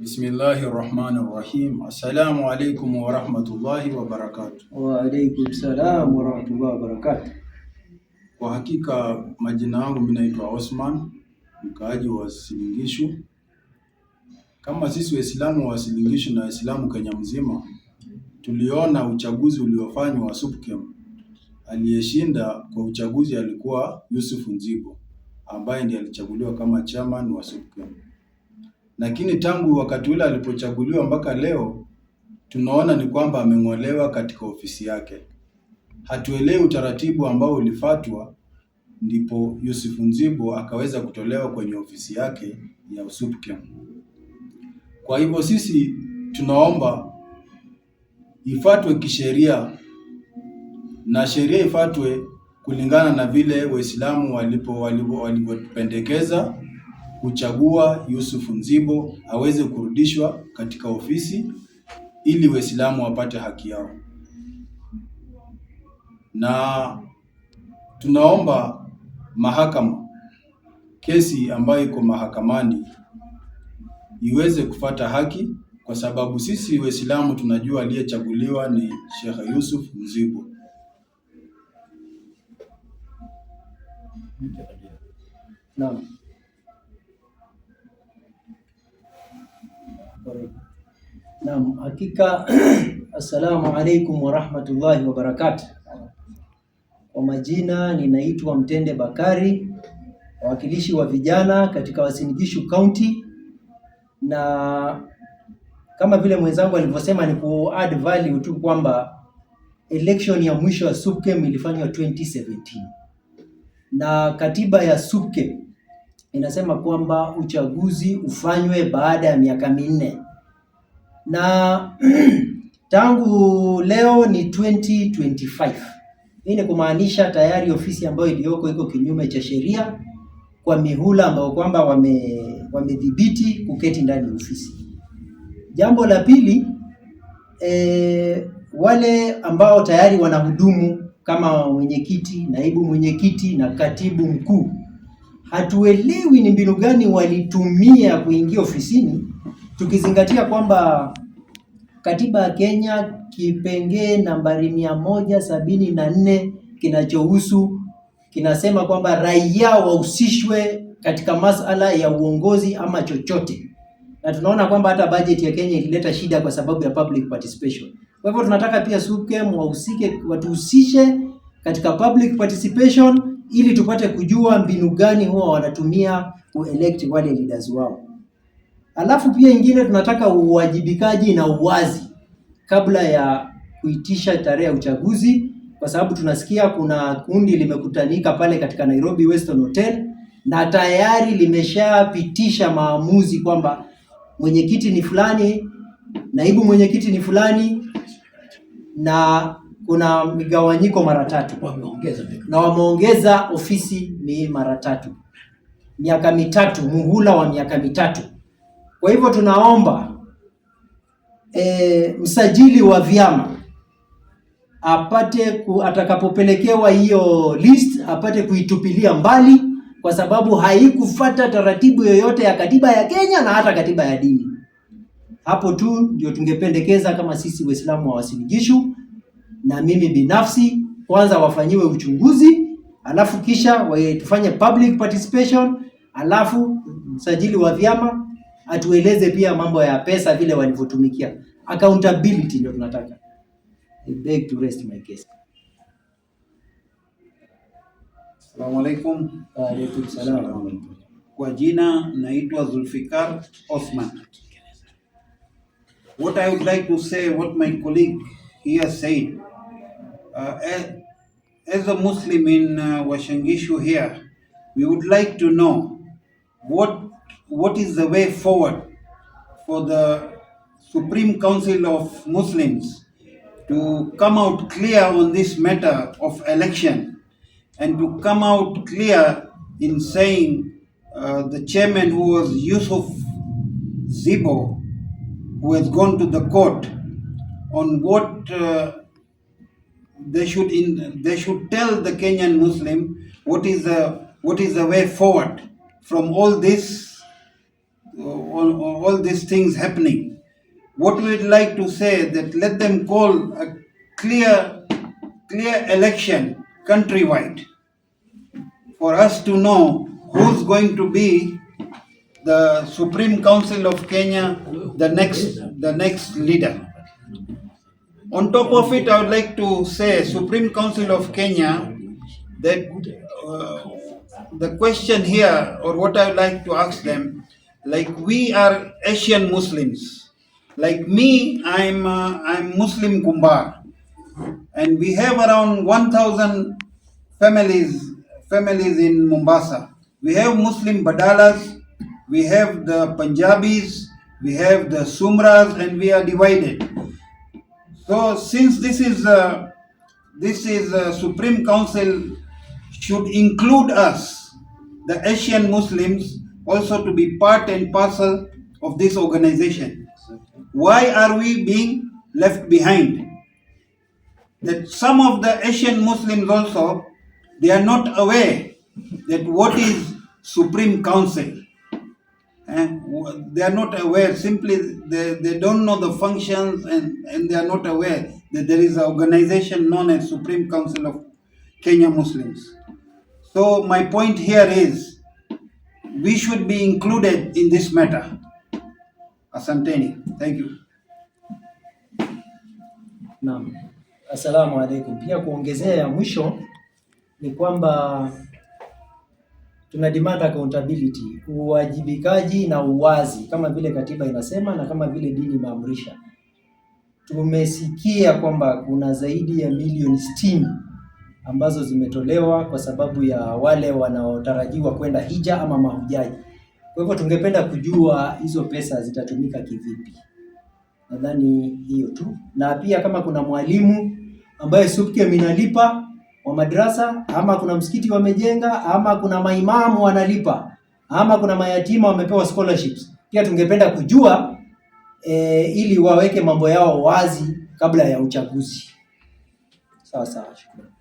Bismillahi rahmani rahim. Assalamu alaikum warahmatullahi wabarakatu. Waalaikum salam warahmatullahi wabarakatu. Kwa hakika majina yangu mimi naitwa Osman, mkaaji wa Silingishu. Kama sisi Waislamu wa Silingishu na Waislamu Kenya mzima, tuliona uchaguzi uliofanywa wa SUPKEM. Aliyeshinda kwa uchaguzi alikuwa Yusuf nzibo ambaye ndiye alichaguliwa kama chairman wa SUPKEM lakini tangu wakati ule alipochaguliwa mpaka leo tunaona ni kwamba ameng'olewa katika ofisi yake. Hatuelewi utaratibu ambao ulifuatwa ndipo Yusuf Nzibo akaweza kutolewa kwenye ofisi yake ya Usupkem. Kwa hivyo sisi tunaomba ifuatwe kisheria na sheria ifuatwe kulingana na vile Waislamu walipopendekeza walipo, walipo kuchagua Yusufu Nzibo aweze kurudishwa katika ofisi ili Waislamu wapate haki yao, na tunaomba mahakama kesi ambayo iko mahakamani iweze kufata haki, kwa sababu sisi Waislamu tunajua aliyechaguliwa ni Sheikh Yusuf nzibo Naam. Naam, hakika assalamu alaikum warahmatullahi wabarakatu Kwa majina ninaitwa Mtende Bakari, wawakilishi wa vijana katika Uasin Gishu County, na kama vile mwenzangu alivyosema ni ku add value tu kwamba election ya mwisho ya SUPKEM ilifanywa 2017 na katiba ya SUPKEM inasema kwamba uchaguzi ufanywe baada ya miaka minne na tangu leo ni 2025. Hii ni kumaanisha tayari ofisi ambayo iliyoko iko kinyume cha sheria kwa mihula ambayo kwamba wamedhibiti kuketi ndani ya ofisi. Jambo la pili, e, wale ambao tayari wanahudumu kama mwenyekiti, naibu mwenyekiti na katibu mkuu, hatuelewi ni mbinu gani walitumia kuingia ofisini tukizingatia kwamba katiba ya Kenya kipengee nambari mia moja sabini na nne kinachohusu kinasema kwamba raia wahusishwe katika masala ya uongozi ama chochote, na tunaona kwamba hata bajeti ya Kenya ilileta shida kwa sababu ya public participation. Kwa hivyo tunataka pia SUPKEM wahusike, watuhusishe katika public participation ili tupate kujua mbinu gani huwa wanatumia kuelect wale leaders wao. Alafu pia ingine tunataka uwajibikaji na uwazi kabla ya kuitisha tarehe ya uchaguzi, kwa sababu tunasikia kuna kundi limekutanika pale katika Nairobi Western Hotel na tayari limeshapitisha maamuzi kwamba mwenyekiti ni fulani, naibu mwenyekiti ni fulani, na kuna migawanyiko mara tatu, na wameongeza ofisi ni mara tatu, miaka mitatu, muhula wa miaka mitatu. Kwa hivyo tunaomba e, msajili wa vyama apate ku, atakapopelekewa hiyo list apate kuitupilia mbali kwa sababu haikufuata taratibu yoyote ya katiba ya Kenya na hata katiba ya dini. Hapo tu ndio tungependekeza kama sisi Waislamu wa Uasin Gishu na mimi binafsi, kwanza wafanyiwe uchunguzi, alafu kisha tufanye public participation, alafu msajili wa vyama atueleze pia mambo ya pesa vile walivyotumikia. Accountability ndio tunataka. I beg to rest my case. Assalamu alaikum. Wa alaikum salaam. Kwa jina naitwa Zulfikar Osman. What I would like to say, what my colleague here said, uh, as a Muslim in uh, Washangishu here, we would like to know what what is the way forward for the Supreme Council of Muslims to come out clear on this matter of election and to come out clear in saying uh, the chairman who was Yusuf Zibo, who has gone to the court on what uh, they should in, they should tell the Kenyan Muslim what is the what is the way forward from all this uh, all, all these things happening. What we'd like to say that let them call a clear, clear election countrywide for us to know who's going to be the Supreme Council of Kenya, the next, the next leader. On top of it, I would like to say Supreme Council of Kenya that uh, the question here or what I would like to ask them like we are Asian Muslims. Like me, I'm uh, I'm Muslim Gumbar, and we have around 1,000 families families in Mombasa. We have Muslim Badalas, we have the Punjabis, we have the Sumras, and we are divided. So since this is uh, this is uh, Supreme Council should include us, the Asian Muslims, also to be part and parcel of this organization. Why are we being left behind? That some of the Asian Muslims also, they are not aware that what is Supreme Council. And eh, they are not aware, simply they, they don't know the functions and, and they are not aware that there is an organization known as Supreme Council of Kenya Muslims. So my point here is we should be included in this matter. Asanteni. Thank you. Naam. Asalamu alaykum. Pia kuongezea ya mwisho ni kwamba tuna demand accountability, uwajibikaji na uwazi kama vile katiba inasema na kama vile dini imeamrisha. Tumesikia kwamba kuna zaidi ya milioni sitini ambazo zimetolewa kwa sababu ya wale wanaotarajiwa kwenda hija ama mahujaji. Kwa hivyo tungependa kujua hizo pesa zitatumika kivipi. Nadhani hiyo tu, na pia kama kuna mwalimu ambaye SUPKEM minalipa wa madrasa ama kuna msikiti wamejenga ama kuna maimamu wanalipa ama kuna mayatima wamepewa scholarships, pia tungependa kujua e, ili waweke mambo yao wazi kabla ya uchaguzi. Sawa sawa, shukrani.